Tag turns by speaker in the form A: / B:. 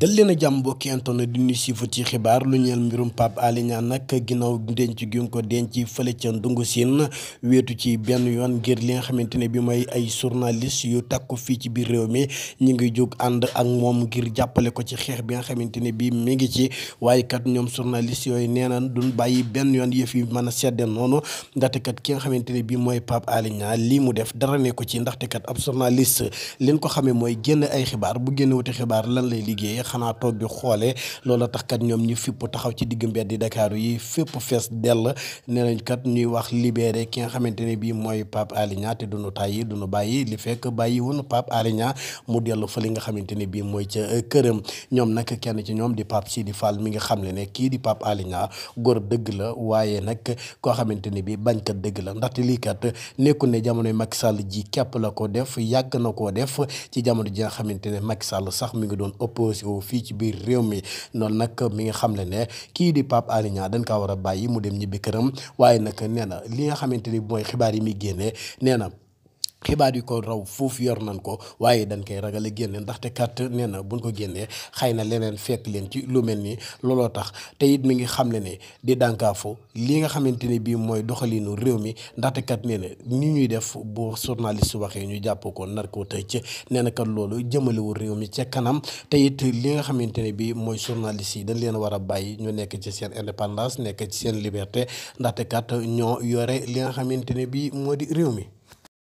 A: dal leen a jàmm mbokki internet di nuyu si ci xibaar lu ñeel mbirum Pape Alé Niang nag ginnaaw denc gi nga ko denc fële ca Ndungu Siin weetu ci benn yoon ngir li nga xamante ne bi mooy ay journaliste yu takku fii ci biir réew mi ñu ngi jóg ànd ak moom ngir jàppale ko ci xeex bi nga xamante ne bi mi ngi ci waaye kat ñoom journaliste yooyu nee na duñ bàyyi benn yoon yëf yi mën a sedde noonu ndaxte kat ki nga xamante ne bi mooy Pape Alé lii mu def dara ne ko ci ndaxte kat ab journaliste leen ko xamee mooy génn ay xibaar bu génn wuti xibaar lan lay liggéey xanaa toog di xoolee loolu tax kat ñoom ñu fipp taxaw ci digg mbedd dakaaru yi fépp fees dell nee nañ kat ñuy wax libéré ki nga xamante ne bii mooy Pape Alé Niang te duñu tàyyi duñu bàyyi li fekk bàyyi woon Pape Alé Niang mu dellu fa li nga xamante ne bii mooy ca euh, këram ñoom nag kenn ci ñoom di Pape di Fall mi nga xam ne ne kii di Pape Alé Niang góor dëgg la waaye nag koo xamante ne bii bañkat dëgg la ndaxte lii kat nekkul ne jamonoy mag Sall ji képp la ko def yàgg na koo def ci jamono ji nga xamante ne Macky Sall sax mu ngi doon opposé fii ci biir réew mi noonu nag mi nga xam le ne kii di Pape Alé Niang dañ kaa war a bàyyi mu dem ñibbi këram waaye nag nee na li nga xamante ni mooy xibaar yi muy génne nee na xibaar yi ko raw foofu yor nañ ko waaye dañ koy ragale génne ndaxte carte nee na buñ ko génnee xëy na leneen fekk leen ci lu mel ni looloo tax teyit it mi ngi xam ne ne di dànkaafu li nga xamante ne bii mooy doxalinu réew mi ndaxte kat nee na ni ñuy def bu journaliste waxee ñu jàpp ko nar ko tëj nee na loolu jëmalewul réew mi ca kanam te it li nga xamante ne bii mooy journaliste yi dañ leen war a bàyyi ñoo nekk ci seen indépendance nekk ci seen liberté ndaxte kat ñoo yore li nga xamante ne bii moo di réew mi.